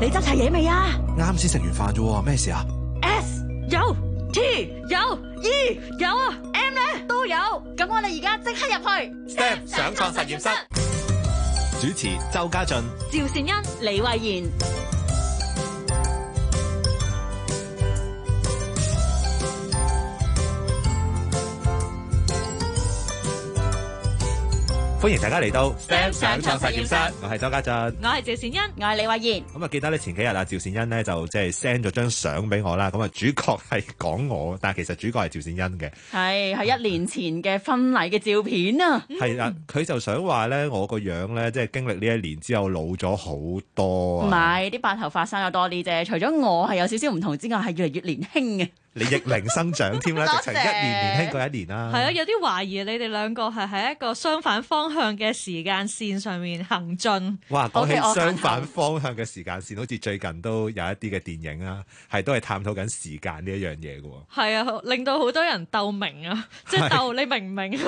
你執齊嘢未啊？啱先食完飯啫，咩事啊 S,？ 有，T 有，E 有啊，M 咧都有，咁我哋而家即刻入去。STEM 上創實驗室 主持：周家俊、趙善恩、李慧嫻。歡迎大家嚟到 s 想想相相創作實驗室，我係周家俊，我係趙善恩，我係李慧賢。咁啊，記得咧前幾日啦，趙善恩咧就即係 send 咗張相俾我啦。咁啊，主角係講我，但係其實主角係趙善恩嘅，係係一年前嘅婚禮嘅照片啊！係啦，佢就想話咧，我個樣咧即係經歷呢一年之後老咗好多啊。唔係，啲白頭髮生咗多啲啫。除咗我係有少少唔同之外，係越嚟越年輕嘅。你逆齡生長添啦，直情一年年輕過一年啦。係啊，有啲懷疑你哋兩個係喺一個相反方向嘅時間線上面行進。哇，講起相反方向嘅時間線，好似最近都有一啲嘅電影啊，係都係探討緊時間呢一樣嘢嘅。係啊，令到好多人鬥，啊 鬥明，明啊，即係鬥你明唔明？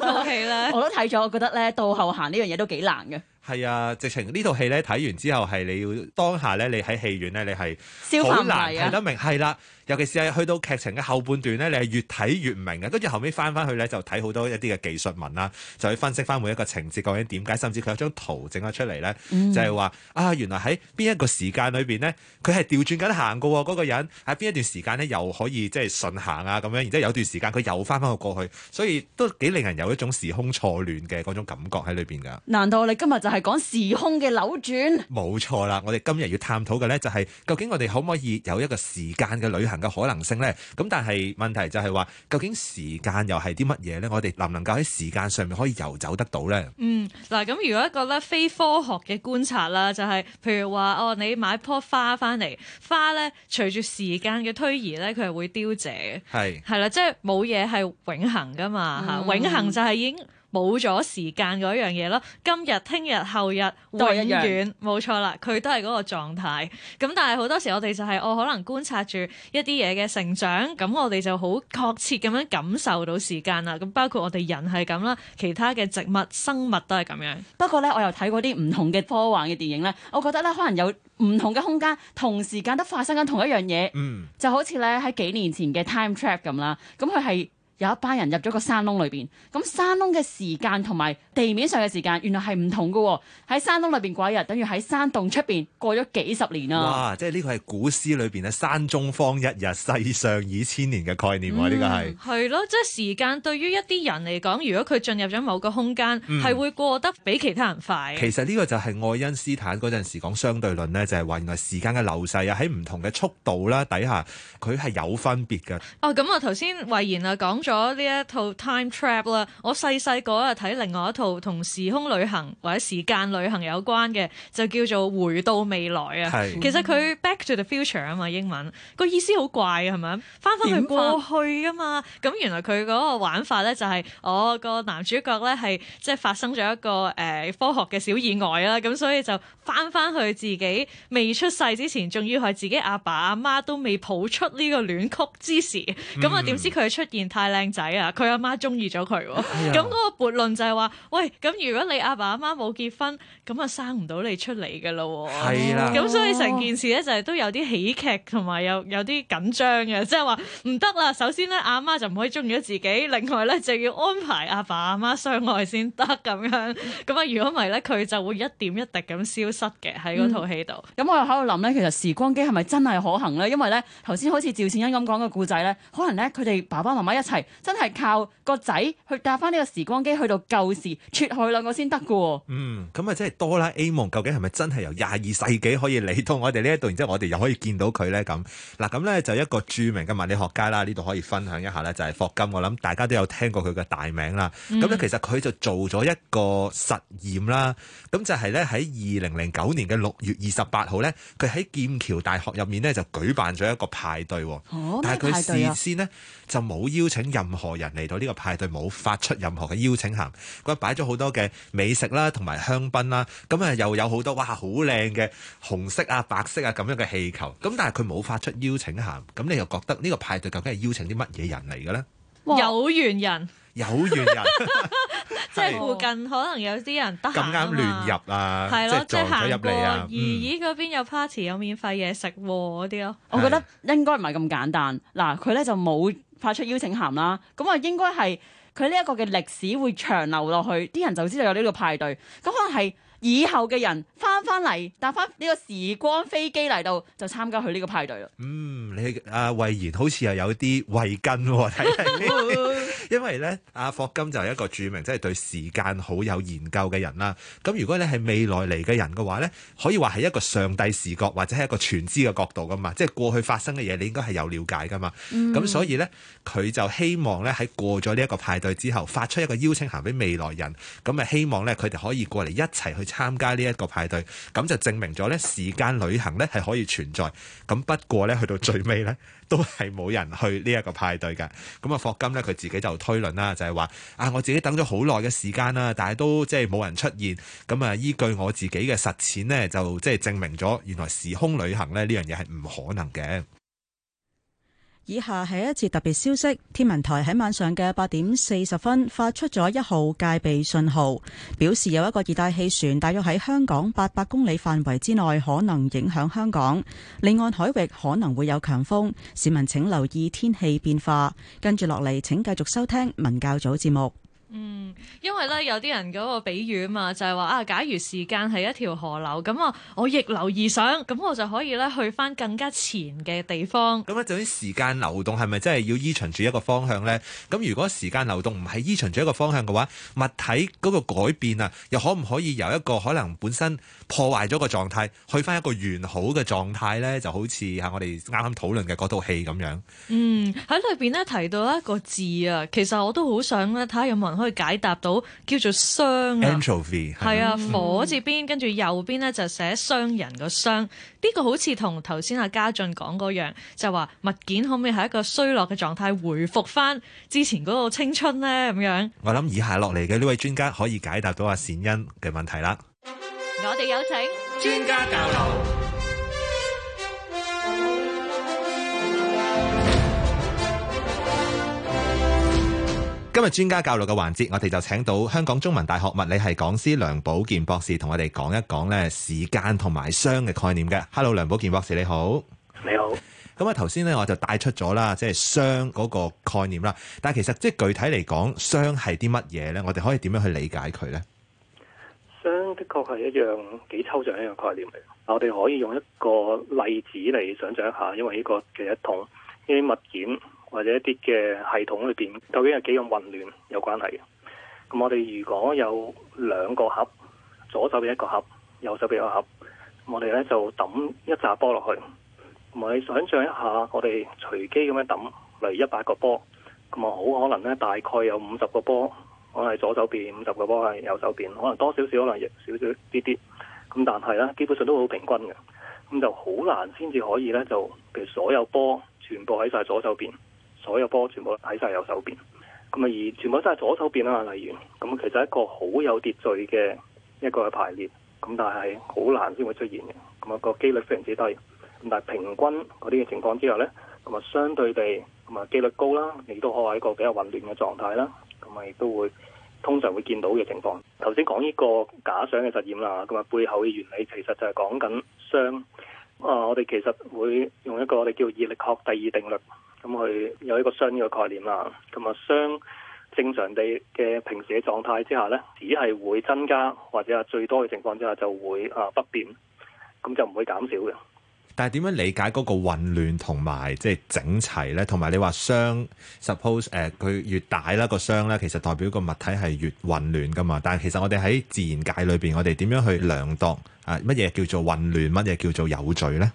套戲咧，我都睇咗，我覺得咧倒後行呢樣嘢都幾難嘅。係啊，直情呢套戲咧睇完之後係你要當下咧，你喺戲院咧，你係好難睇得明，係啦、啊。尤其是係去到劇情嘅後半段咧，你係越睇越唔明嘅。跟住後尾翻翻去咧，就睇好多一啲嘅技術文啦，就去分析翻每一個情節究竟點解，甚至佢有張圖整咗出嚟咧，嗯、就係話啊，原來喺邊一個時間裏邊呢，佢係調轉緊行嘅喎。嗰、那個人喺邊一段時間呢，又可以即係順行啊咁樣。然之後有段時間佢又翻返去過去，所以都幾令人有一種時空錯亂嘅嗰種感覺喺裏邊㗎。難道你今日就係、是？講時空嘅扭轉，冇錯啦。我哋今日要探討嘅呢，就係究竟我哋可唔可以有一個時間嘅旅行嘅可能性呢？咁但係問題就係話，究竟時間又係啲乜嘢呢？我哋能唔能夠喺時間上面可以游走得到呢？嗯，嗱，咁如果一個咧非科學嘅觀察啦，就係譬如話，哦，你買棵花翻嚟，花咧隨住時間嘅推移咧，佢係會凋謝嘅。係係啦，即係冇嘢係永恒噶嘛吓，嗯、永恒就係已經。冇咗時間嗰樣嘢咯，今日、聽日、後日，永遠冇錯啦，佢都係嗰個狀態。咁但係好多時我哋就係、是、我、哦、可能觀察住一啲嘢嘅成長，咁我哋就好確切咁樣感受到時間啦。咁包括我哋人係咁啦，其他嘅植物、生物都係咁樣。不過呢，我又睇過啲唔同嘅科幻嘅電影呢，我覺得呢，可能有唔同嘅空間同時間都發生緊同一樣嘢。嗯，mm. 就好似呢，喺幾年前嘅 Time Trap 咁啦，咁佢係。有一班人入咗個山窿裏邊，咁山窿嘅時間同埋地面上嘅時間，原來係唔同嘅喎、哦。喺山窿裏邊過一日，等於喺山洞出邊過咗幾十年啊！哇！即係呢個係古詩裏邊咧，山中方一日，世上已千年嘅概念喎、啊，呢、嗯、個係係咯，即係時間對於一啲人嚟講，如果佢進入咗某個空間，係、嗯、會過得比其他人快。其實呢個就係愛因斯坦嗰陣時講相對論呢，就係、是、話原來時間嘅流逝啊，喺唔同嘅速度啦底下，佢係有分別嘅。哦，咁我頭先慧言。啊講咗呢一套 Time Trap 啦，我細細個啊睇另外一套同時空旅行或者時間旅行有關嘅，就叫做回到未來啊。是其實佢 Back to the Future 啊嘛，英文個意思好怪啊，係咪？翻翻去過去啊樣嘛，咁原來佢個玩法咧就係、是，我、哦、個男主角咧係即係發生咗一個誒、呃、科學嘅小意外啦，咁所以就翻翻去自己未出世之前，仲要係自己阿爸阿媽都未抱出呢個戀曲之時，咁啊點知佢出現太靚仔啊！佢阿媽中意咗佢，咁嗰、哎、呦個悖論就係話，喂，咁如果你阿爸阿媽冇結婚，咁啊生唔到你出嚟㗎咯。係啦、哎呦，咁所以成件事咧就係都有啲喜劇，同埋有有啲緊張嘅，即係話唔得啦。首先咧，阿媽就唔可以中意咗自己，另外咧就要安排阿爸阿媽相愛先得，咁樣。咁啊，如果唔係咧，佢就會一點一滴咁消失嘅喺嗰套戲度。咁、嗯、我又喺度諗咧，其實時光機係咪真係可行咧？因為咧，頭先好似趙倩欣咁講嘅故仔咧，可能咧佢哋爸爸媽媽一齊。真係靠個仔去搭翻呢個時光機去到舊時，撮去兩個先得嘅喎。嗯，咁啊，即係哆啦 A 夢究竟係咪真係由廿二世紀可以嚟到我哋呢一度，然之後我哋又可以見到佢咧？咁嗱，咁咧就一個著名嘅物理學家啦，呢度可以分享一下咧，就係、是、霍金。我諗大家都有聽過佢嘅大名啦。咁咧、嗯、其實佢就做咗一個實驗啦，咁就係咧喺二零零九年嘅六月二十八號咧，佢喺劍橋大學入面咧就舉辦咗一個派對。哦，咩派對啊？但係佢事先呢，就冇邀請人任何人嚟到呢個派對，冇發出任何嘅邀請函，佢擺咗好多嘅美食啦，同埋香檳啦，咁啊又有好多哇好靚嘅紅色啊白色啊咁樣嘅氣球，咁但係佢冇發出邀請函，咁你又覺得呢個派對究竟係邀請啲乜嘢人嚟嘅咧？有緣人，有緣人，即係附近可能有啲人得咁啱亂入啊，係咯，即係行咗入嚟啊，姨姨嗰邊有 party 有免費嘢食嗰啲咯，啊嗯、我覺得應該唔係咁簡單。嗱，佢咧就冇。發出邀請函啦，咁啊應該係佢呢一個嘅歷史會長留落去，啲人就知道有呢個派對。咁可能係以後嘅人翻翻嚟搭翻呢個時光飛機嚟到就參加佢呢個派對啦。嗯，你阿、啊、慧賢好似又有啲慧根睇、哦 因為咧，阿霍金就係一個著名，即係對時間好有研究嘅人啦。咁如果你係未來嚟嘅人嘅話咧，可以話係一個上帝視角，或者係一個全知嘅角度噶嘛。即係過去發生嘅嘢，你應該係有了解噶嘛。咁、嗯、所以咧，佢就希望咧喺過咗呢一個派對之後，發出一個邀請函俾未來人。咁啊，希望咧佢哋可以過嚟一齊去參加呢一個派對。咁就證明咗咧，時間旅行咧係可以存在。咁不過咧，去到最尾咧，都係冇人去呢一個派對嘅。咁啊，霍金咧佢自己就。推論啦，就係話啊，我自己等咗好耐嘅時間啦，但係都即係冇人出現。咁啊，依據我自己嘅實踐呢，就即係證明咗，原來時空旅行咧呢樣嘢係唔可能嘅。以下係一次特別消息，天文台喺晚上嘅八點四十分發出咗一號戒備信號，表示有一個熱帶氣旋大約喺香港八百公里範圍之內，可能影響香港，離岸海域可能會有強風，市民請留意天氣變化。跟住落嚟，請繼續收聽文教組節目。嗯，因為咧有啲人嗰個比喻啊嘛，就係話啊，假如時間係一條河流，咁啊，我逆流而上，咁我就可以咧去翻更加前嘅地方。咁咧，究竟時間流動係咪真係要依循住一個方向咧？咁如果時間流動唔係依循住一個方向嘅話，物體嗰個改變啊，又可唔可以由一個可能本身破壞咗個狀態，去翻一個完好嘅狀態咧？就好似吓我哋啱啱討論嘅嗰套戲咁樣。嗯，喺裏邊咧提到一個字啊，其實我都好想咧睇下有冇人。可以解答到叫做熵，Entropy，係啊，火字邊，跟住右邊咧就寫商人個商。呢、這個好似同頭先阿嘉俊講嗰樣，就話、是、物件可唔可以喺一個衰落嘅狀態，回復翻之前嗰個青春咧？咁樣，我諗以下落嚟嘅呢位專家可以解答到阿善恩嘅問題啦。我哋有請專家教路。今日專家教育嘅環節，我哋就請到香港中文大學物理係講師梁寶健博士同我哋講一講咧時間同埋熵嘅概念嘅。Hello，梁寶健博士你好，你好。咁啊好，頭先咧我就帶出咗啦，即係熵嗰個概念啦。但係其實即係具體嚟講，熵係啲乜嘢咧？我哋可以點樣去理解佢咧？熵的確係一樣幾抽象一樣概念嚟。我哋可以用一個例子嚟想象一下，因為呢個其實同呢啲物件。或者一啲嘅系統裏邊，究竟有幾咁混亂有關係。咁我哋如果有兩個盒，左手邊一個盒，右手邊一個盒，我哋咧就抌一紮波落去。同埋你想象一下，我哋隨機咁樣抌，例如一百個波，咁啊好可能咧大概有五十個波，可能係左手邊，五十個波係右手邊，可能多少少，可能亦少少啲啲。咁但係咧，基本上都好平均嘅，咁就好難先至可以咧就，譬如所有波全部喺晒左手邊。所有波全部喺晒右手邊，咁啊而全部都係左手邊啦。例如，咁其實一個好有秩序嘅一個排列，咁但係好難先會出現嘅，咁啊個機率非常之低。咁但係平均嗰啲嘅情況之下呢，咁啊相對地，咁啊機率高啦，亦都可以喺一個比較混亂嘅狀態啦，咁啊亦都會通常會見到嘅情況。頭先講呢個假想嘅實驗啦，咁啊背後嘅原理其實就係講緊熵啊，我哋其實會用一個我哋叫熱力學第二定律。咁去有呢個熵嘅概念啦，咁啊熵正常地嘅平時嘅狀態之下呢，只係會增加或者係最多嘅情況之下就會啊不變，咁就唔會減少嘅。但係點樣理解嗰個混亂同埋即係整齊呢？同埋你話熵 suppose 佢、呃、越大啦、個熵呢，其實代表個物體係越混亂㗎嘛。但係其實我哋喺自然界裏邊，我哋點樣去量度啊乜嘢叫做混亂，乜嘢叫做有序呢？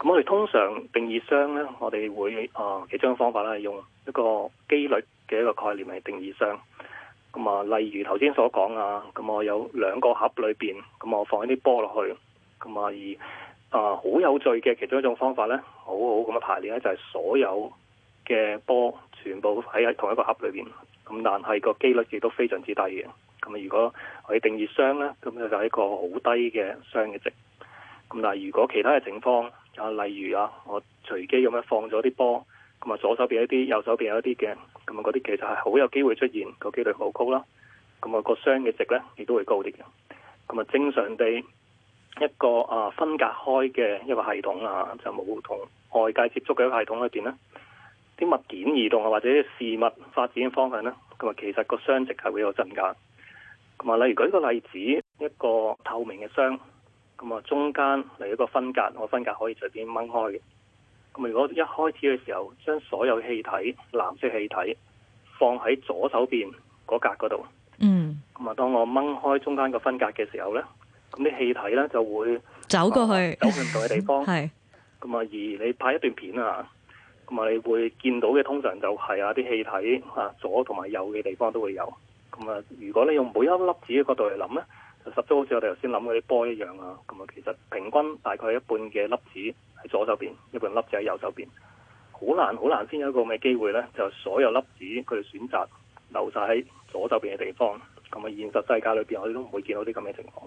咁我哋通常定義熵咧，我哋會、呃、其中一種方法咧，用一個機率嘅一個概念嚟定義熵。咁、嗯、啊，例如頭先所講啊，咁、嗯、我有兩個盒裏邊，咁、嗯、我放一啲波落去。咁、嗯、啊，而啊好、呃、有序嘅其中一種方法咧，好好咁嘅排列咧，就係、是、所有嘅波全部喺喺同一個盒裏邊。咁、嗯、但係個機率亦都非常之低嘅。咁、嗯、啊，如果我哋定義熵咧，咁、嗯、咧就係、是、一個好低嘅熵嘅值。咁、嗯、但係如果其他嘅情況，啊，例如啊，我隨機咁樣放咗啲波，咁啊左手邊有一啲，右手邊有一啲嘅，咁啊嗰啲其實係好有機會出現，個機率好高啦。咁、那、啊個熵嘅值咧，亦都會高啲嘅。咁啊正常地一個啊分隔開嘅一個系統啊，就冇同外界接觸嘅一個系統裏邊咧，啲物件移動啊，或者事物發展嘅方向咧，咁啊其實個熵值係會有增加。咁啊，例如舉個例子，一個透明嘅箱。咁啊，中間嚟一個分隔，我分隔可以隨便掹開嘅。咁如果一開始嘅時候，將所有氣體藍色氣體放喺左手邊嗰格嗰度，嗯，咁啊，當我掹開中間個分隔嘅時候呢，咁啲氣體呢就會走過去，呃、走去唔同嘅地方，係 是。咁啊，而你拍一段片啊，咁啊，你會見到嘅通常就係啊啲氣體啊左同埋右嘅地方都會有。咁啊，如果你用每一粒子嘅角度嚟諗呢。十足好似我哋頭先諗嗰啲波一樣啊！咁啊，其實平均大概一半嘅粒子喺左手邊，一半粒子喺右手邊。好難好難，先有一個咁嘅機會咧？就是、所有粒子佢哋選擇留晒喺左手邊嘅地方。咁啊，現實世界裏邊我哋都唔會見到啲咁嘅情況。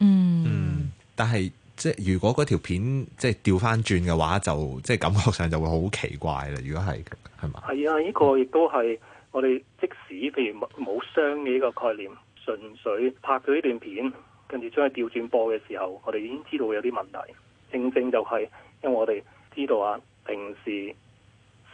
嗯，嗯，但係即係如果嗰條片即係掉翻轉嘅話，就即係感覺上就會好奇怪啦。如果係係嘛？係啊，呢、這個亦都係我哋即使譬如冇冇雙嘅呢個概念。純粹拍咗呢段片，跟住將佢調轉播嘅時候，我哋已經知道會有啲問題，正正就係因為我哋知道啊，平時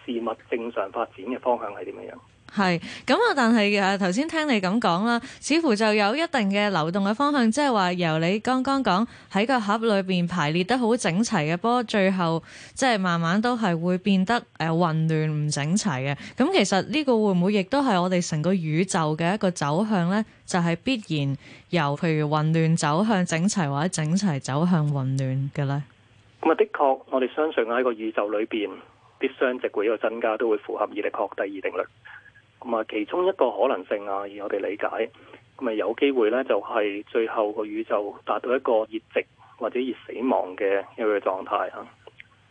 事物正常發展嘅方向係點樣。係咁啊！但係誒，頭先聽你咁講啦，似乎就有一定嘅流動嘅方向，即係話由你剛剛講喺個盒裏邊排列得好整齊嘅波，最後即係、就是、慢慢都係會變得誒、呃、混亂唔整齊嘅。咁、嗯、其實呢個會唔會亦都係我哋成個宇宙嘅一個走向呢？就係、是、必然由譬如混亂走向整齊，或者整齊走向混亂嘅呢？咁啊，的確，我哋相信喺個宇宙裏邊，啲熵值會喺度增加，都會符合熱力學第二定律。咁啊，其中一個可能性啊，以我哋理解，咁啊有機會咧，就係最後個宇宙達到一個熱寂或者熱死亡嘅一個狀態啊。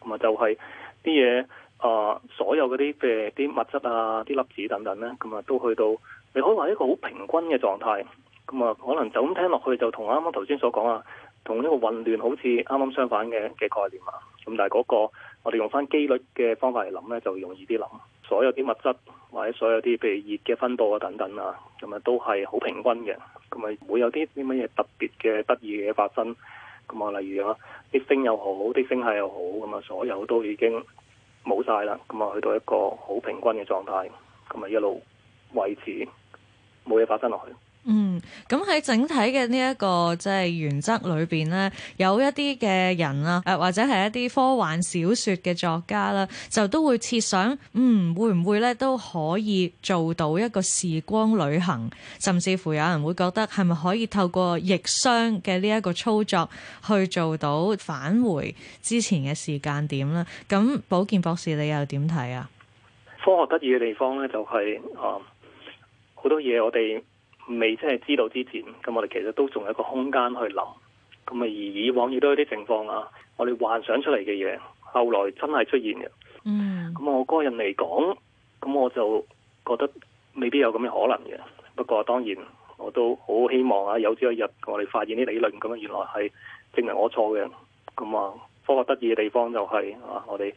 咁啊，就係啲嘢啊，所有嗰啲嘅啲物質啊、啲粒子等等咧，咁啊都去到，你可以話一個好平均嘅狀態。咁啊，可能就咁聽落去就剛剛剛剛，就同啱啱頭先所講啊，同呢個混亂好似啱啱相反嘅嘅概念啊。咁但係嗰個，我哋用翻機率嘅方法嚟諗咧，就容易啲諗。所有啲物質或者所有啲譬如熱嘅分佈啊等等啊，咁啊都係好平均嘅，咁啊唔會有啲啲乜嘢特別嘅得意嘅嘢發生，咁啊例如啊啲星又好，啲星系又好，咁啊所有都已經冇晒啦，咁啊去到一個好平均嘅狀態，咁啊一路維持冇嘢發生落去。嗯，咁喺整體嘅呢一個即係原則裏邊咧，有一啲嘅人啦，誒或者係一啲科幻小說嘅作家啦，就都會設想，嗯，會唔會咧都可以做到一個時光旅行，甚至乎有人會覺得係咪可以透過逆熵嘅呢一個操作去做到返回之前嘅時間點咧？咁保健博士你又點睇啊？科學得意嘅地方咧就係，啊，好多嘢我哋。未真係知道之前，咁我哋其實都仲有一個空間去諗。咁啊，而以往亦都有啲情況啊，我哋幻想出嚟嘅嘢，後來真係出現嘅。嗯。咁我個人嚟講，咁我就覺得未必有咁嘅可能嘅。不過當然，我都好希望啊，有朝一日我哋發現啲理論，咁啊原來係證明我錯嘅。咁啊，科學得意嘅地方就係啊，我哋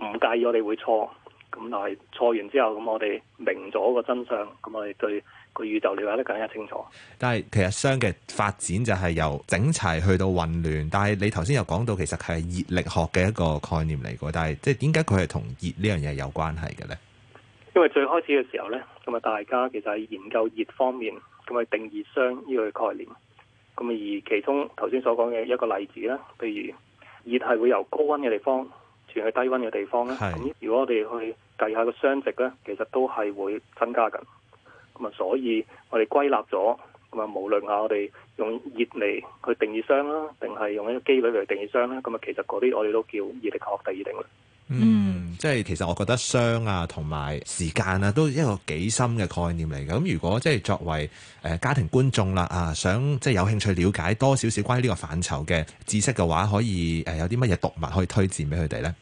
唔介意我哋會錯。咁但係錯完之後，咁我哋明咗個真相，咁我哋對。個宇宙了解得更加清楚。但係其實熵嘅發展就係由整齊去到混亂。但係你頭先又講到，其實係熱力學嘅一個概念嚟嘅。但係即係點解佢係同熱呢樣嘢有關係嘅咧？因為最開始嘅時候咧，咁啊大家其實係研究熱方面，咁啊定義熵呢個概念。咁而其中頭先所講嘅一個例子咧，譬如熱係會由高温嘅地方傳去低温嘅地方咧。咁是如果我哋去計下個熵值咧，其實都係會增加緊。咁啊，所以我哋歸納咗，咁啊，無論啊，我哋用熱嚟去定義熵啦，定係用一個機率嚟定義熵咧，咁啊，其實嗰啲我哋都叫熱力學第二定律。嗯，嗯即係其實我覺得熵啊，同埋時間啊，都一個幾深嘅概念嚟嘅。咁如果即係作為誒、呃、家庭觀眾啦啊，想即係有興趣了解多少少關於呢個範疇嘅知識嘅話，可以誒、呃、有啲乜嘢讀物可以推薦俾佢哋咧？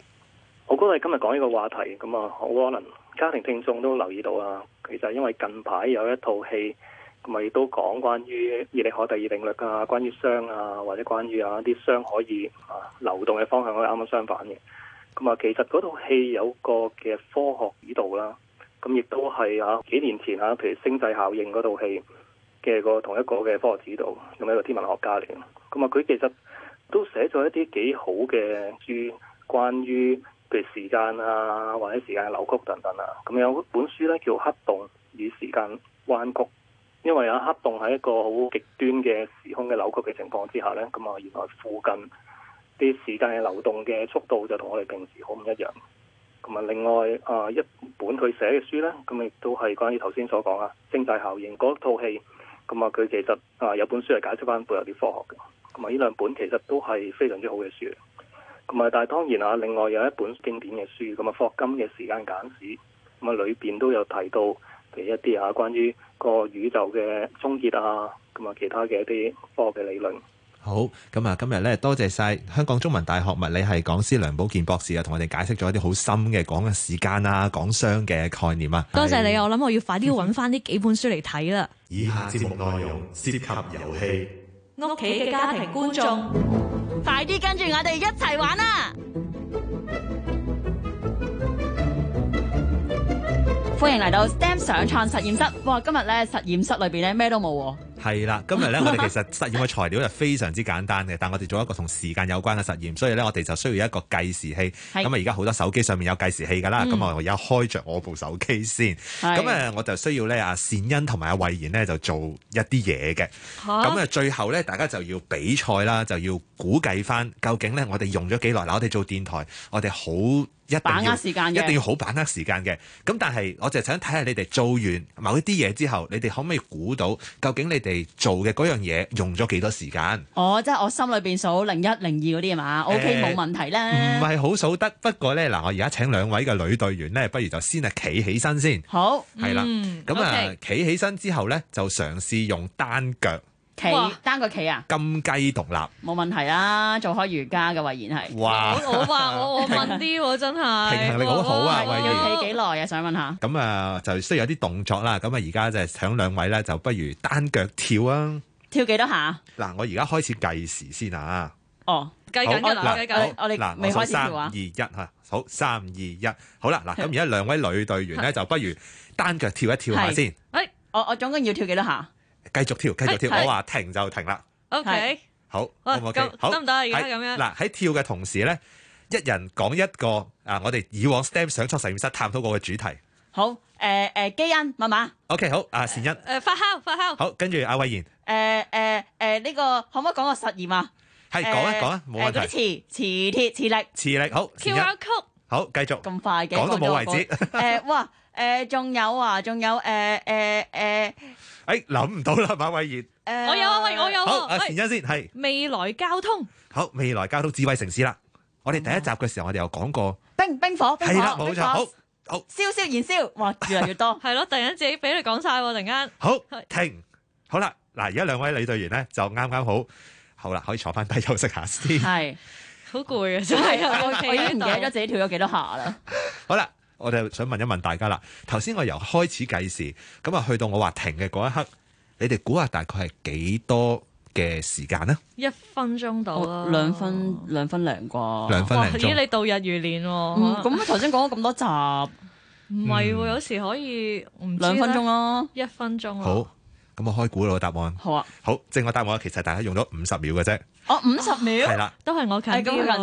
因為今日講呢個話題，咁啊好可能家庭聽眾都留意到啊，其實因為近排有一套戲，咪亦都講關於熱力可第二定律啊，關於熵啊，或者關於啊啲熵可以啊流動嘅方向，啱啱相反嘅。咁啊，其實嗰套戲有個嘅科學指導啦，咁亦都係啊幾年前啊，譬如星際效應嗰套戲嘅個同一個嘅科學指導，咁一個天文學家嚟嘅。咁啊，佢其實都寫咗一啲幾好嘅，書關於。譬如時間啊，或者時間嘅扭曲等等啊，咁有一本書咧叫《黑洞與時間彎曲》，因為有、啊、黑洞係一個好極端嘅時空嘅扭曲嘅情況之下咧，咁、嗯、啊原來附近啲時間嘅流動嘅速度就同我哋平時好唔一樣。咁、嗯、啊，另外啊一本佢寫嘅書咧，咁亦都係關於頭先所講、嗯嗯、啊，星際效應嗰套戲，咁啊佢其實啊有本書係解釋翻背後啲科學嘅，咁啊呢兩本其實都係非常之好嘅書的。同埋，但係當然啊，另外有一本經典嘅書，咁啊霍金嘅《時間簡史》，咁啊裏邊都有提到譬如一啲啊，關於個宇宙嘅終結啊，咁啊其他嘅一啲科學嘅理論。好，咁啊今日咧，多謝晒香港中文大學物理系講師梁寶健博士啊，同我哋解釋咗一啲好深嘅講嘅時間啊、講熵嘅概念啊。多謝你，我諗我要快啲揾翻呢幾本書嚟睇啦。 以下節目內容涉及遊戲。屋企嘅家庭觀眾，快啲跟住我哋一齊玩啊！歡迎嚟到 STEM 上創實驗室。哇，今日咧實驗室裏邊咧咩都冇。係啦，今日咧我哋其實實驗嘅材料就非常之簡單嘅，但我哋做一個同時間有關嘅實驗，所以咧我哋就需要一個計時器。咁啊而家好多手機上面有計時器㗎啦，咁啊我而家開着我部手機先。咁啊是我就需要咧、啊、阿善恩同埋阿慧妍呢，就做一啲嘢嘅。咁啊最後咧大家就要比賽啦，就要估計返究竟咧我哋用咗幾耐。嗱、啊、我哋做電台，我哋好。一定要，一定要好把握時間嘅。咁但係，我就係想睇下你哋做完某一啲嘢之後，你哋可唔可以估到究竟你哋做嘅嗰樣嘢用咗幾多時間？哦，即係我心裏邊數零一零二嗰啲啊嘛，OK，冇、呃、問題啦。唔係好數得，不過呢，嗱，我而家請兩位嘅女隊員呢，不如就先係企起身先。好，係啦。咁啊，企起身之後呢，就嘗試用單腳。企單腳企啊！金雞獨立冇問題啊。做開瑜伽嘅維賢係。哇！我好啊，我我問啲真係平衡力好好啊！維賢要企幾耐啊？想問下。咁啊，就需要有啲動作啦。咁啊，而家就係請兩位咧，就不如單腳跳啊！跳幾多下？嗱，我而家開始計時先啊！哦，計緊噶啦，計緊。我哋嗱，未開始嘅二一吓，好三二一，好啦嗱。咁而家兩位女隊員咧，就不如單腳跳一跳下先。誒，我我總共要跳幾多下？繼續跳，繼續跳，我話停就停啦。O K，好，O 唔 OK，得唔得？而家咁樣。嗱，喺跳嘅同時咧，一人講一個啊！我哋以往 STEM 想出實驗室探討過嘅主題。好，誒誒，基因，密碼。O K，好，阿善欣。誒，發酵，發酵。好，跟住阿偉賢。誒誒誒，呢個可唔可以講個實驗啊？係，講啊講啊，冇問題。嗰啲磁磁鐵、磁力、磁力，好。跳下曲。好，繼續。咁快嘅，講到冇位置。誒，哇！誒，仲有啊，仲有誒，誒，誒，誒，諗唔到啦，馬偉賢，我有啊，喂，我有啊，好，前一先係未來交通，好，未來交通智慧城市啦，我哋第一集嘅時候我哋又講過，冰冰火係啦，冇錯，好好燒燒燃燒，哇，越嚟越多，係咯，突然間自己俾你講晒，突然間，好，停，好啦，嗱，而家兩位女隊員咧就啱啱好，好啦，可以坐翻低休息下先，係，好攰啊，真係啊，我已經唔記得咗自己跳咗幾多下啦，好啦。我哋想問一問大家啦，頭先我由開始計時，咁啊去到我話停嘅嗰一刻，你哋估下大概係幾多嘅時間呢？一分鐘到啦，兩分兩分零啩，兩分零。咦？你度日如年喎，啊？嗯，咁啊頭先講咗咁多集，唔係， 有時可以、嗯、兩分鐘咯，一分鐘。好。咁啊，我開估咯個答案。好啊，好，正個答案其實大家用咗五十秒嘅啫。哦，五十秒係啦，了都係我近啲，哎、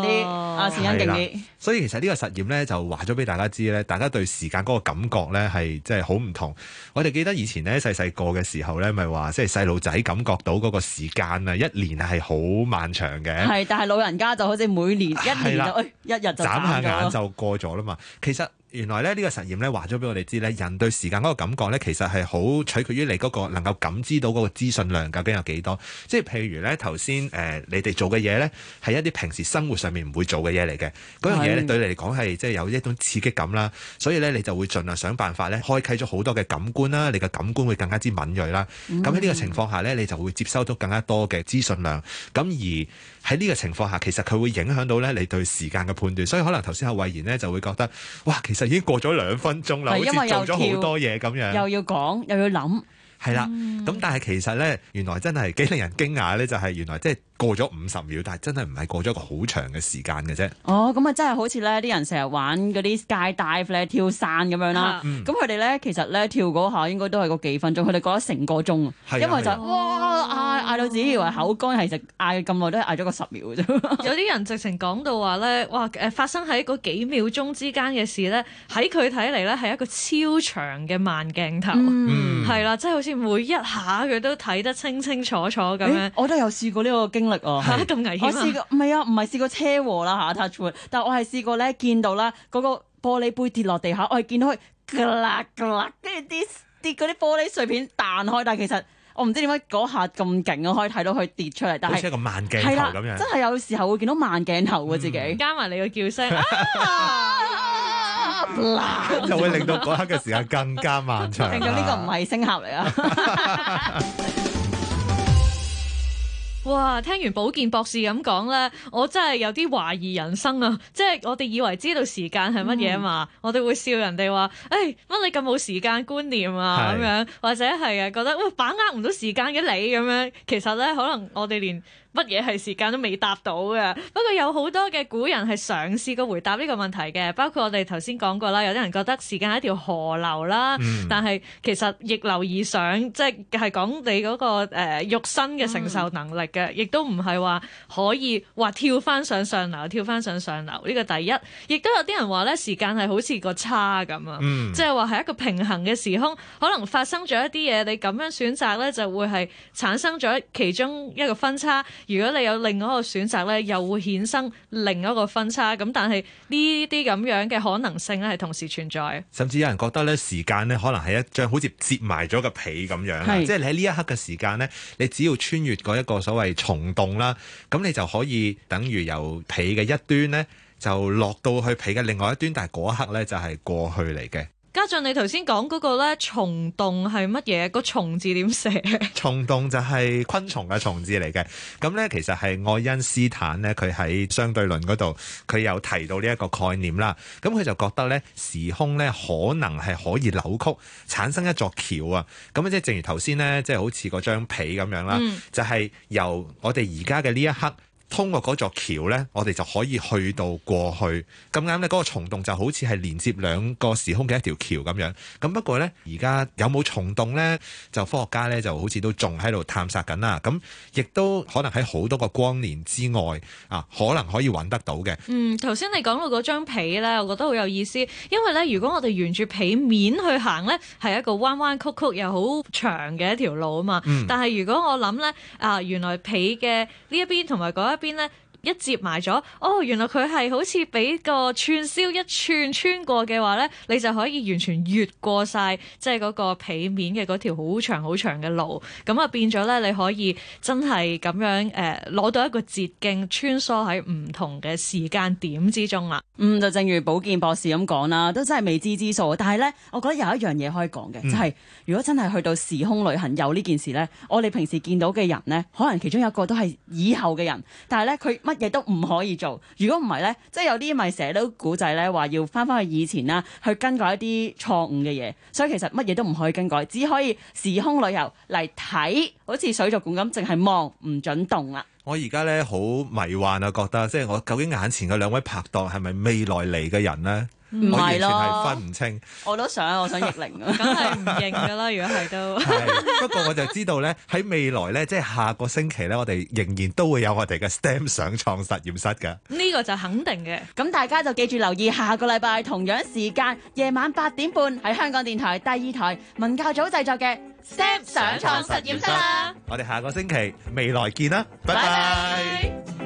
近啊，時間勁啲。所以其實呢個實驗咧就話咗俾大家知咧，大家對時間嗰個感覺咧係即係好唔同。我哋記得以前咧細細個嘅時候咧，咪話即係細路仔感覺到嗰個時間啊，一年係好漫長嘅。係，但係老人家就好似每年一年就了、哎、一日就眨下眼就過咗啦嘛。其實。原來咧呢個實驗咧話咗俾我哋知咧，人對時間嗰個感覺咧，其實係好取決於你嗰個能夠感知到嗰個資訊量究竟有幾多。即係譬如咧頭先誒你哋做嘅嘢咧，係一啲平時生活上面唔會做嘅嘢嚟嘅，嗰樣嘢咧對你嚟講係即係有一種刺激感啦。所以咧你就會盡量想辦法咧，開啓咗好多嘅感官啦，你嘅感官會更加之敏鋭啦。咁喺呢個情況下咧，你就會接收到更加多嘅資訊量。咁而喺呢個情況下，其實佢會影響到咧你對時間嘅判斷。所以可能頭先阿慧賢呢，就會覺得，哇，其實～已經過咗兩分鐘啦，對好似做咗好多嘢咁樣又，又要講又要諗，係啦了。咁、嗯、但係其實咧，原來真係幾令人驚訝咧，就係、是、原來即係。就是過咗五十秒，但係真係唔係過咗一個長、oh, 好長嘅時間嘅啫。哦，咁啊 Yeah.，真係好似咧，啲人成日玩嗰啲 Sky Dive 咧，跳傘咁樣啦。咁佢哋咧，其實咧跳嗰下應該都係個幾分鐘，佢哋過咗成個鐘。Yeah. 因為就 Yeah. 哇嗌嗌到自己以為口乾，其實嗌咁耐都係嗌咗個十秒啫。 有啲人直情講到話咧，哇！誒，發生喺嗰幾秒鐘之間嘅事咧，喺佢睇嚟咧係一個超長嘅慢鏡頭。Mm. 嗯，係啦，即、就、係、是、好似每一下佢都睇得清清楚楚咁樣、欸。我都有試過呢個經。吓，咁、啊、危險、啊！我試過，唔係啊，唔係試過車禍啦，吓 touchwood 但係我係試過咧，見到啦，嗰個玻璃杯跌落地下，我係見到佢，跟住啲啲嗰啲玻璃碎片彈開。但係其實我唔知點解嗰下咁勁，我可以睇到佢跌出嚟，但好似一個慢鏡頭咁、啊、樣，真係有時候會見到慢鏡頭嘅、啊、自己，嗯、加埋你嘅叫聲，就會令到嗰刻嘅時間更加漫長。令 到呢個唔係星俠嚟啊！ 哇！聽完保健博士咁講咧，我真係有啲懷疑人生啊！即係我哋以為知道時間係乜嘢嘛，嗯、我哋會笑人哋話：誒、哎、乜你咁冇時間觀念啊？咁是樣或者係啊，覺得哇，把握唔到時間嘅你咁樣，其實咧，可能我哋連乜嘢係時間都未答到嘅，不過有好多嘅古人係嘗試過回答呢個問題嘅，包括我哋頭先講過啦，有啲人覺得時間係一條河流啦，嗯、但係其實逆流而上，即係講你嗰、那個、呃、肉身嘅承受能力嘅，亦都唔係話可以話跳翻上上流，跳翻上上流呢、這個第一。亦都有啲人話咧，時間係好似個叉咁啊，即係話係一個平衡嘅時空，可能發生咗一啲嘢，你咁樣選擇咧就會係產生咗其中一個分叉。如果你有另外一個選擇咧，又會衍生另一個分叉。咁但係呢啲咁樣嘅可能性咧，係同時存在。甚至有人覺得咧，時間咧可能係一張好似摺埋咗個被咁樣，是即係你喺呢一刻嘅時間咧，你只要穿越嗰一個所謂蟲洞啦，咁你就可以等於由被嘅一端咧，就落到去被嘅另外一端，但係嗰一刻咧就係過去嚟嘅。嘉俊，你頭先講嗰個咧，蟲洞係乜嘢？個蟲字點寫？蟲洞就係昆蟲嘅蟲字嚟嘅。咁咧，其實係愛因斯坦咧，佢喺相對論嗰度佢有提到呢一個概念啦。咁佢就覺得咧，時空咧可能係可以扭曲，產生一座橋啊。咁即係正如頭先咧，即係好似嗰張被咁樣啦，嗯、就係由我哋而家嘅呢一刻。通過嗰座橋呢，我哋就可以去到過去。咁啱呢，嗰個蟲洞就好似係連接兩個時空嘅一條橋咁樣。咁不過呢，而家有冇蟲洞呢？就科學家呢，就好似都仲喺度探索緊啦。咁亦都可能喺好多個光年之外啊，可能可以揾得到嘅。嗯，頭先你講到嗰張被呢，我覺得好有意思，因為呢，如果我哋沿住被面去行呢，係一個彎彎曲曲，曲又好長嘅一條路啊嘛。嗯、但係如果我諗呢，啊，原來被嘅呢一邊同埋嗰一邊咧？一接埋咗，哦，原來佢係好似俾個串燒一串穿過嘅話咧，你就可以完全越過晒，即係嗰個皮面嘅嗰條好長好長嘅路，咁啊變咗咧，你可以真係咁樣誒攞、呃、到一個捷徑穿梭喺唔同嘅時間點之中啦。嗯，就正如保健博士咁講啦，都真係未知之數，但係咧，我覺得有一樣嘢可以講嘅，就係、是、如果真係去到時空旅行有呢件事咧，我哋平時見到嘅人咧，可能其中一個都係以後嘅人，但係咧，佢乜？亦都唔可以做，如果唔係呢，即係有啲咪成日都古仔呢，話要翻返去以前啦，去更改一啲錯誤嘅嘢，所以其實乜嘢都唔可以更改，只可以時空旅遊嚟睇，好似水族館咁，淨係望唔準動啦。我而家呢，好迷幻啊，覺得即係我究竟眼前嘅兩位拍檔係咪未來嚟嘅人呢？唔係咯，我哋係分唔清，我都想，我想逆齡，梗係唔認噶啦。如果係都， 不過我就知道咧，喺未來咧，即係下個星期咧，我哋仍然都會有我哋嘅 STEM 上創實驗室噶。呢個就肯定嘅。咁大家就記住留意下個禮拜同樣時間夜晚八點半喺香港電台第二台文教組製作嘅 STEM 上創實驗室，實驗室啦。我哋下個星期未來見啦，拜拜。Bye bye